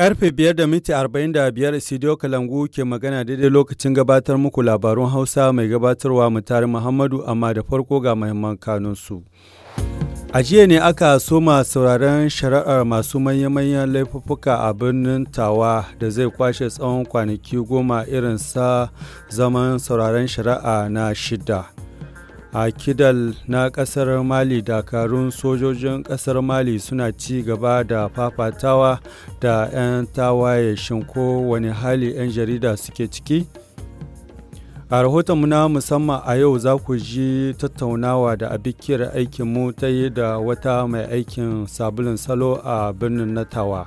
Karfe biyar da minti arba'in da biyar Sidiyo Kalangu ke magana daidai lokacin gabatar muku labarun Hausa mai gabatarwa mutare Muhammadu amma da farko ga mahimman kanunsu. A jiya ne aka soma sauraron shari'ar masu manya-manyan laifuffuka a birnin Tawa da zai kwashe tsawon kwanaki goma irin sa zaman sauraron shari'a na shida. a kidal na kasar mali dakarun sojojin kasar mali suna ci gaba da fafatawa da 'yan tawaye shin ko wani hali 'yan jarida suke ciki a rahotonmu na musamman a yau za ku ji tattaunawa da abikiyar aikinmu ta yi da wata mai aikin sabulin salo a birnin natawa. tawa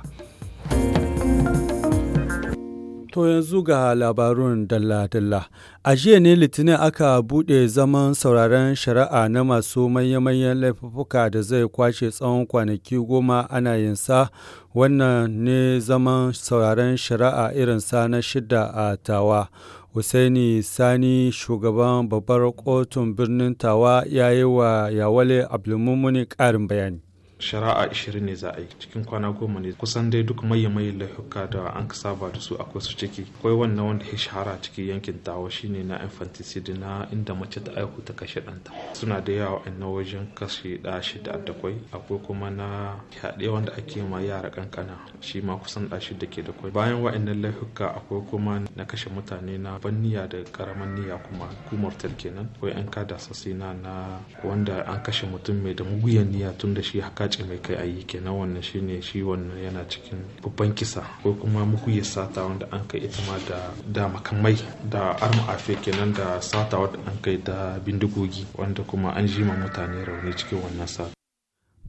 To yanzu ga labarun dalla-dalla. A jiya ne Litinin aka buɗe zaman sauraren shari'a na masu manya-manyan laifuka da zai kwashe tsawon kwanaki goma ana yin sa Wannan ne zaman sauraren shari'a irin sa na shida a tawa. Hussaini Sani shugaban babbar kotun birnin Tawa ya yi wa Yawale Abdulmumuni ƙarin bayani. shari'a 20 ne za a yi cikin kwana goma ne kusan dai duk maye maye laifuka da an ka saba da su akwai su ciki akwai wannan wanda ya shahara cikin yankin tawa shine na infanticide na inda mace ta aihu ta kashe ɗanta suna da yawa na wajen kashe da shida da dakwai akwai kuma na yaɗe wanda ake ma yara kankana shi ma kusan shi shida ke da bayan wa'annan lahuka akwai kuma na kashe mutane na banniya da karaman niyya kuma kumortar kenan akwai 'yan kada sasina na wanda an kashe mutum mai da muguyan niyya tun da shi haka sace mai kai ayi kenan wannan shine shi wannan yana cikin babban kisa ko kuma muguya sata wanda an kai ita ma da da makamai da arma afe kenan da sata wanda an kai da bindigogi wanda kuma an jima mutane rauni cikin wannan sata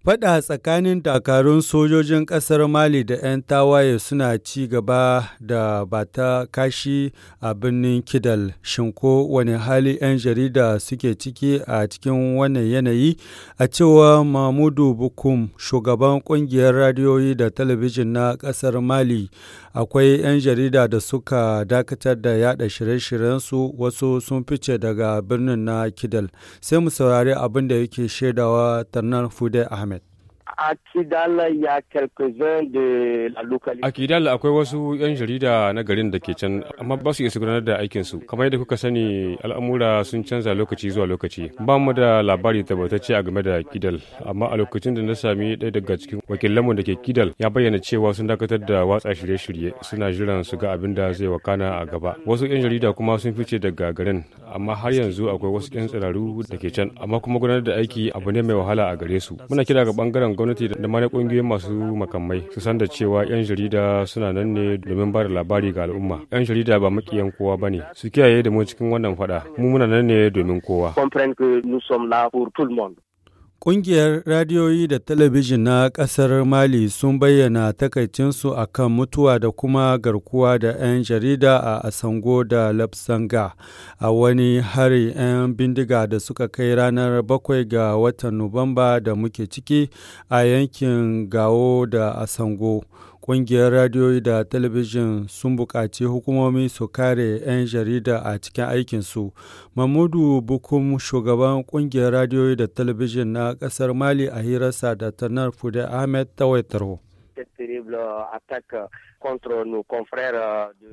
Faɗa tsakanin dakarun sojojin ƙasar Mali da 'yan tawaye suna ci gaba da bata kashi a birnin Kidal. shinko wani hali 'yan jarida suke ciki a cikin wannan yanayi? A cewa mamudu Bukum, shugaban ƙungiyar radiyoyi da talabijin na ƙasar Mali, akwai 'yan jarida da suka dakatar da yada shirye su wasu sun fice daga birnin na Kidal. Sai mu saurari abin da yake shaidawa Tarnar Fude Ahmed. a Kidal ya y de la localité. A Kidal akwai wasu 'yan jarida na garin da ke can amma ba su iya gudanar da aikinsu. Kamar yadda kuka sani al'amura sun canza lokaci zuwa lokaci. Ba mu da labari tabbatacce a game da Kidal amma a lokacin da na sami ɗaya daga cikin wakilanmu da ke Kidal ya bayyana cewa sun dakatar da watsa shirye-shirye suna jiran su ga abin da zai wakana a gaba. Wasu 'yan jarida kuma sun fice daga garin amma har yanzu akwai wasu 'yan tsiraru da ke can amma kuma gudanar da aiki abu ne mai wahala a gare su. Muna kira ga bangaren gwamnati da ma na kungiyoyin masu makamai su san da cewa 'yan jarida suna nan ne domin ba da labari ga al'umma 'yan jarida ba makiyan kowa ba ne su kiyaye da mu cikin wannan fada mu muna nan ne domin kowa Ƙungiyar Radiyoyi da Talabijin na ƙasar Mali sun bayyana takaicinsu a kan mutuwa da kuma garkuwa da 'yan jarida a Asango da Lapsanga a wani hari 'yan bindiga da suka kai ranar bakwai ga watan Nuwamba da muke ciki a yankin Gawo da Asango. Ƙungiyar Radiyoyi da Talabijin sun buƙaci hukumomi su kare 'yan jarida a cikin aikinsu. Mamudu Bukum, shugaban Ƙungiyar Radiyoyi da Talabijin na ƙasar Mali a hirarsa da Tanar Fude Ahmed tawaitaro. Uh,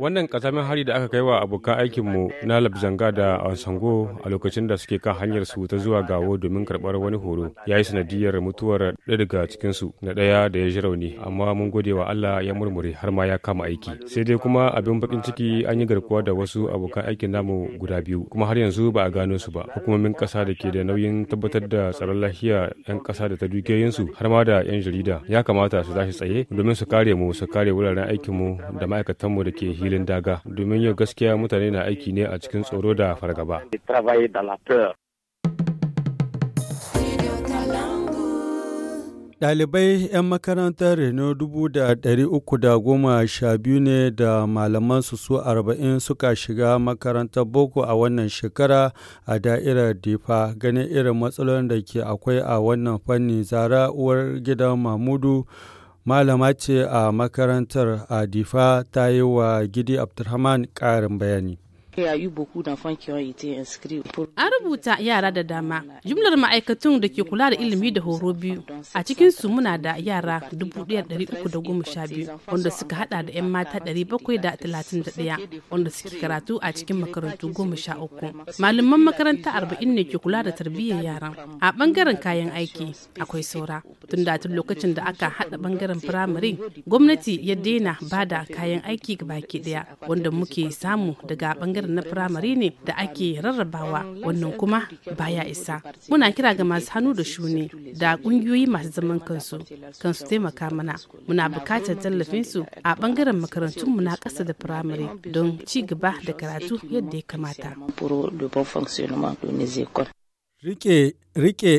Wannan ƙazamin hari da aka kai wa abokan aikinmu na Labzanga da Ansango a lokacin da suke kan hanyar su ta zuwa gawo domin karbar wani horo ya yi sanadiyar mutuwar ɗaya daga cikinsu na ɗaya da ya ji rauni amma mun gode wa Allah ya murmure har ma ya kama aiki. Sai dai kuma abin bakin ciki an yi garkuwa da wasu abokan aikin namu guda biyu kuma har yanzu ba a gano su ba. Hukumomin ƙasa da ke da nauyin tabbatar da tsaron lafiya 'yan ƙasa da ta dukiyoyinsu har ma da 'yan jarida ya kamata su tashi tsaye tsaye domin su kare mu su kare wuraren aikin mu da ma'aikatan mu da ke hilin daga domin yau gaskiya mutane na aiki ne a cikin tsoro da fargaba. Ɗalibai 'yan makarantar Reno biyu ne da malaman su su arba'in suka shiga makarantar boko a wannan shekara a da'irar Difa ganin irin matsalolin da ke akwai a wannan fanni zara uwar gidan Mahmudu. malama ce a makarantar adifa ta yi wa gidi abdulrahman ƙarin bayani An rubuta yara da dama. Jumlar ma'aikatun da ke kula da ilimi da horo biyu a cikin su muna da yara 1,312 wanda suka hada da 'yan mata 731 wanda suke karatu a cikin makarantu 13. Malaman makaranta 40 ne ke kula da tarbiyyar yaran. A bangaren kayan aiki akwai saura. Tun da tun lokacin da aka hada bangaren firamare gwamnati ya daina bada kayan aiki baki daya wanda muke samu daga bangaren irin na firamare ne da ake rarrabawa wannan kuma baya isa muna kira ga masu hannu da shuni da kungiyoyi masu zaman kansu kan taimaka mana muna bukatar tallafin su a bangaren makarantun mu na kasa da firamare don ci gaba da karatu yadda ya kamata Rike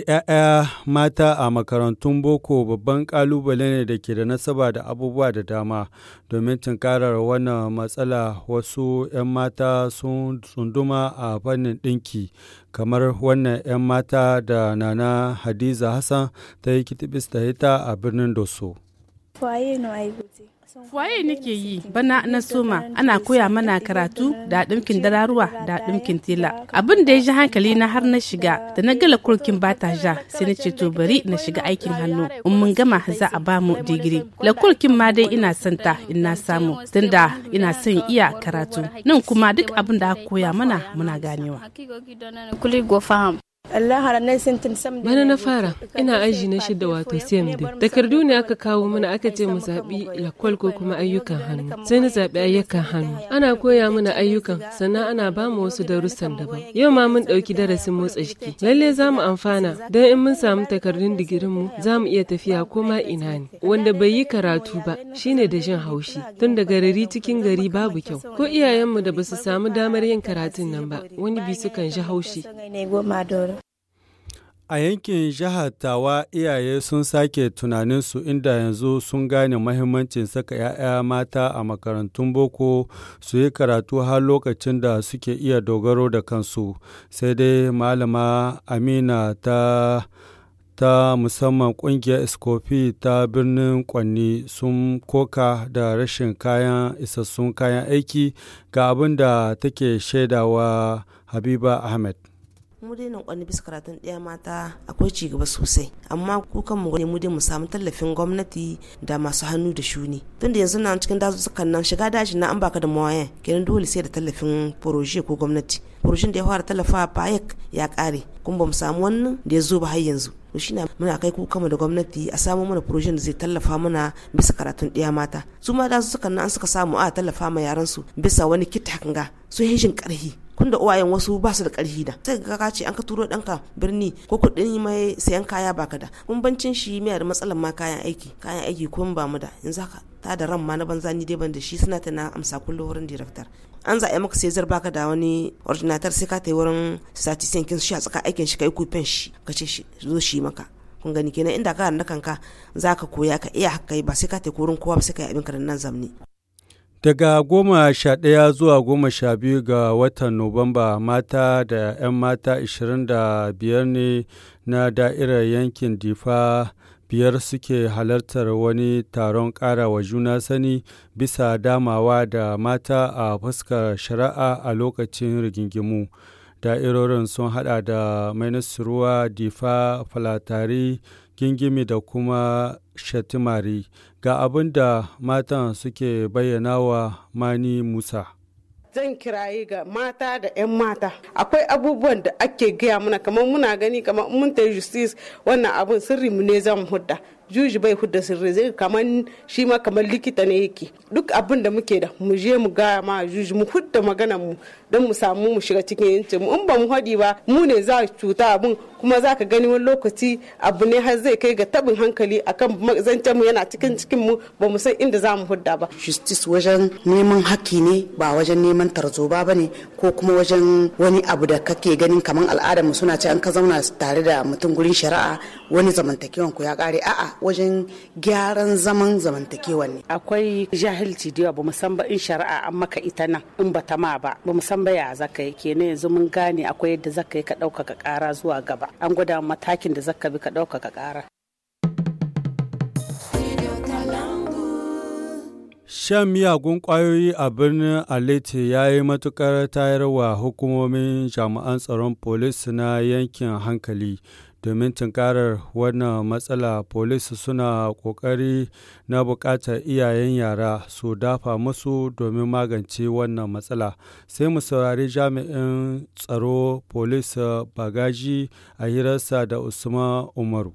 ‘ya'ya mata a makarantun boko babban ƙalubale ne da ke da nasaba da abubuwa da dama. Domin tunkarar wannan matsala, wasu ‘yan mata sun tsunduma a fannin ɗinki, kamar wannan ‘yan mata da Nana Hadiza Hassan ta yi kitibis da a birnin Doso. Waye nake yi bana na soma ana koya mana karatu da ɗinkin dararuwa da ɗinkin tela. Abin da ya ji hankali na har na shiga da na gala kurkin bata ja sai na ce to bari na shiga aikin hannu in mun gama za a ba mu digiri. Lakurkin ma dai ina son ta in na samu tunda ina son iya karatu. Nan kuma duk abin da aka koya mana muna ganewa. Bana na fara ina aji na shida wato CMD. Takardu ne aka kawo mana aka ce mu zaɓi lakwal ko kuma ayyukan hannu. Sai na zaɓi ayyukan hannu. Ana koya mana ayyukan sannan ana ba mu wasu darussan daban. Yau ma mun ɗauki darasin motsa jiki. Lalle za mu amfana don in mun samu takardun digirin mu za mu iya tafiya ko ma ina ne. Wanda bai yi karatu ba shine da jin haushi. Tun daga rari cikin gari babu kyau. Ko iyayenmu da basu samu damar yin karatun nan ba wani bi sukan ji haushi. A yankin jihar Tawa iyaye sun sake tunaninsu inda yanzu sun gane mahimmancin saka 'ya'ya mata a makarantun boko su yi karatu har lokacin da suke iya dogaro da kansu. Sai dai Malama Amina ta ta musamman ƙungiyar iskofi ta birnin Kwanni sun koka da rashin kayan isassun kayan aiki ga abin da take shaidawa Habiba Ahmed. mu dai nan kwani bisa karatun ɗaya mata akwai ci gaba sosai amma ku kan mu ne mu dai mu samu tallafin gwamnati da masu hannu da shuni tunda yanzu na cikin dazuzzukan nan shiga dajin na an baka da mawayan kenan dole sai da tallafin proje ko gwamnati proje da ya fara tallafa bayak ya kare kuma ba mu samu wannan da ya zo ba har yanzu to shi na muna kai kuka mu da gwamnati a samo mana proje da zai tallafa mana bisa karatun ɗaya mata su ma da suka nan suka samu a tallafa ma yaran su bisa wani kit hakan ga su hejin karhi kun da uwayen wasu ba su da ƙarfi da sai ka ce an ka turo danka birni ko kuɗin mai sayan kaya ba ka da bambancin shi mai da matsalan ma kayan aiki kayan aiki kun ba mu da yanzu haka ta da ran ma na banza ni dai ban da shi suna ta na amsa kullum wurin director an za a yi maka sai zar baka da wani ordinator sai ka ta yi wurin statistician kin shi a tsaka aikin shi ka yi kufin shi ka ce shi zo shi maka kun gani kenan inda ka na kanka za ka koya ka iya haka ba sai ka ta yi wurin kowa ba sai ka yi abin ka nan zamni Daga goma sha ɗaya zuwa goma sha biyu ga watan Nuwamba mata da ‘yan mata 25 ne na da'irar yankin Difa biyar suke halartar wani taron ƙara wa juna sani bisa damawa da mata a fuskar shari'a a lokacin rigingimu. Da'irorin sun haɗa da ruwa Difa, Falatari, Gingimi da kuma Shatimari. Ga abin da matan suke bayyana wa Mani Musa. zan kiraye ga mata da 'yan mata akwai abubuwan da ake gaya mana kamar muna gani kamar mun ta justice wannan abun sirri mu ne zan hudda juji bai hudda sirri zai kaman shi ma kamar likita ne yake duk abin da muke da mu je mu gaya ma juji mu hudda magana mu don mu samu mu shiga cikin yancin mu in ba mu hadi ba mu ne za cuta abin kuma za ka gani wani lokaci abu ne har zai kai ga tabin hankali akan zancen mu yana cikin cikin mu ba mu san inda za mu hudda ba justice wajen neman haki ne ba wajen neman tarzoba ba ne ko kuma wajen wani abu da kake ganin kamar al'adar mu suna ce an ka zauna tare da mutum gurin shari'a wani zamantakewan ku ya kare a'a wajen gyaran zaman zamantakewan ne akwai jahilci da ba san ba in shari'a an maka ita nan in ba ta ma ba ba san ba ya zaka yi kenan yanzu mun gane akwai yadda zaka yi ka ka ƙara zuwa gaba an gwada matakin da zaka bi ka ka ƙara Shan miyagun kwayoyi a birnin Alete ya yi tayar tayarwa hukumomin jami'an tsaron polis na yankin hankali domin tunkarar wannan matsala polisi suna ƙoƙari na buƙatar iyayen yara su dafa musu domin magance wannan matsala sai mu saurari jami'in tsaro polis bagaji a hirarsa da usman umaru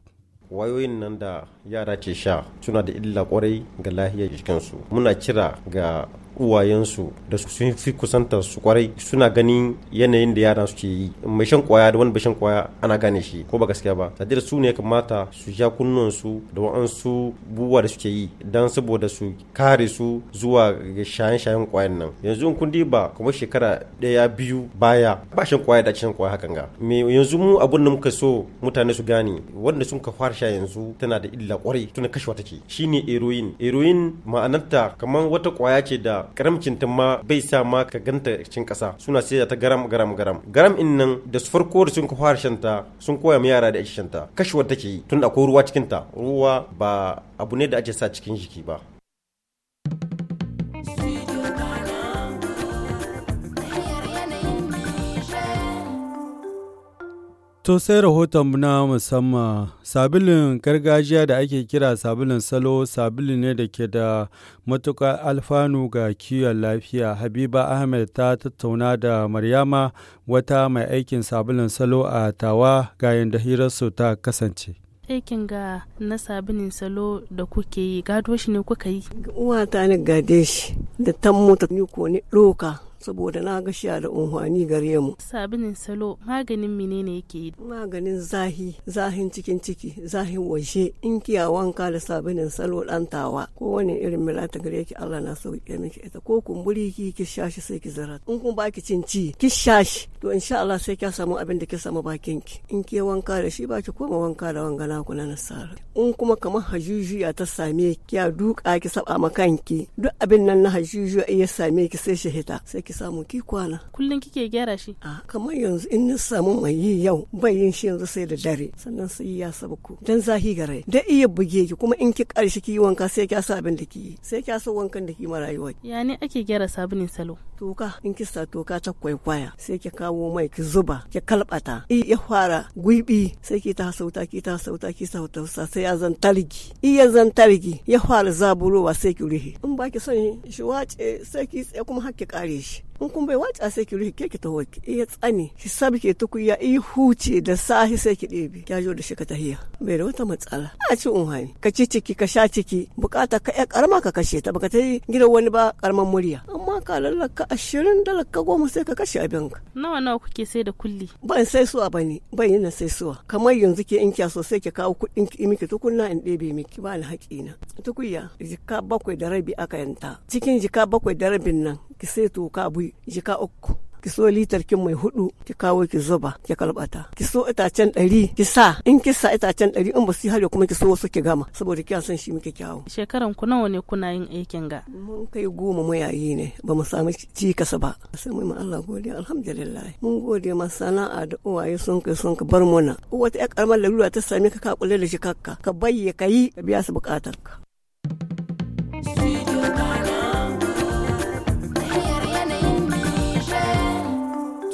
wayoyin nan da yara ke sha suna da illa kwarai ga lahiyar jikinsu muna kira ga uwayensu da sun fi kusantar su kwarai suna ganin yanayin da yaran suke yi mai shan kwaya da wani bai shan kwaya ana gane shi ko ba gaskiya ba da su ne kamata su ja kunnuwan su da wa'ansu buwa da suke yi dan saboda su kare su zuwa ga shayen-shayen kwayan nan yanzu in kun diba kuma shekara daya biyu baya ba shan kwaya da shan kwaya hakan ga me yanzu mu abun da muka so mutane su gane wanda sun ka fara sha yanzu tana da illa kwarai tuna kashewa take shine eroin eroyin ma'anarta kamar wata kwaya ce da karamcin ma bai sa ma ka ganta cikin kasa suna sai ta garam garam garam garam in nan da su farko da sun ka fara shanta sun koya ma yara da ake shanta kashwar take yi tun akwai ruwa cikin ta ruwa ba abu ne da ake sa cikin jiki ba To sai rahoton na musamman sabulin gargajiya da ake kira sabulin salo sabulu ne da ke da matuƙar alfanu ga kiwon lafiya. Habiba Ahmed ta tattauna da Maryama wata mai aikin sabulin salo a tawa ga yadda hirarsu ta kasance. aikin ga na sabulin salo da kuke yi gado shi ne kuka yi? Uwa ta ni gade shi da tan mota ni ko ni ɗoka saboda na ga sha da unhwani gare mu sabinin salo maganin menene yake yi maganin zahi zahin cikin ciki zahin waje in kiya wanka da sabinin salo dantawa ko wani irin mila ta gare ki Allah na sauke miki ita ko kumburi ki ki shashi sai ki zara in kun baki cin ci ki shi to insha Allah sai kiya samu abin da ki samu bakin ki in ki wanka da shi baki koma wanka da wangana ku na nasara in kuma kamar hajujuya ta same ki ya duka ki saba kanki, duk abin nan na hajujuya ya same ki sai shi hita sai ki samu ki kwana kullum kike gyara shi a kamar yanzu in na samu mai yi yau bai yin shi yanzu sai da dare sannan sai ya ku dan zahi gare da iya buge ki kuma in ki karshe ki wanka sai ki sa abin da ki yi sai ki sa wankan da ki ma rayuwa ya ne ake gyara sabunin salo toka in ki sa toka ta kwaikwaya sai ki kawo mai ki zuba ki kalbata i ya fara gwibi sai ki ta sauta ki ta sauta ki sauta sai ya zan talgi i ya zan talgi ya fara zaburowa sai ki rihe in ba ki son shi wace sai ki kuma hakki kare shi shi in kun bai wace sai ki rufe ke ki ta ki iya tsani ki ke tukuya i huce da sahi sai ki ɗebe ya da shi ka tahiya bai da wata matsala a ci unhani ka ci ciki ka sha ciki bukata ka ya karama ka kashe ta baka ta yi gidan wani ba karaman murya amma ka lallaka ashirin dala ka goma sai ka kashe abin ka nawa nawa kuke sai da kulli ban sai suwa ne ban na sai suwa kamar yanzu ke in so sai ki kawo kuɗin ki miki tukunna in ɗebe miki ba ni haƙina tukuya jika bakwai da rabi aka yanta cikin jika bakwai da rabin nan ki sai toka bui jika uku ki so litar kin mai hudu ki kawo ki zuba ki kalbata ki so itacen ɗari ki sa in ki sa itacen ɗari in ba su hare kuma ki so wasu ki gama saboda kiyan san shi muke kyawu shekaran ku nawa ne kuna yin aikin ga mun kai goma mayayi ne ba mu samu ci kasa ba sai mu Allah godiya alhamdulillah mun gode ma sana'a da uwaye sun kai sun ka bar mana wata yar karamar lalura ta same ka ka kula da shi kakka ka bayye ka ka biya su bukatarka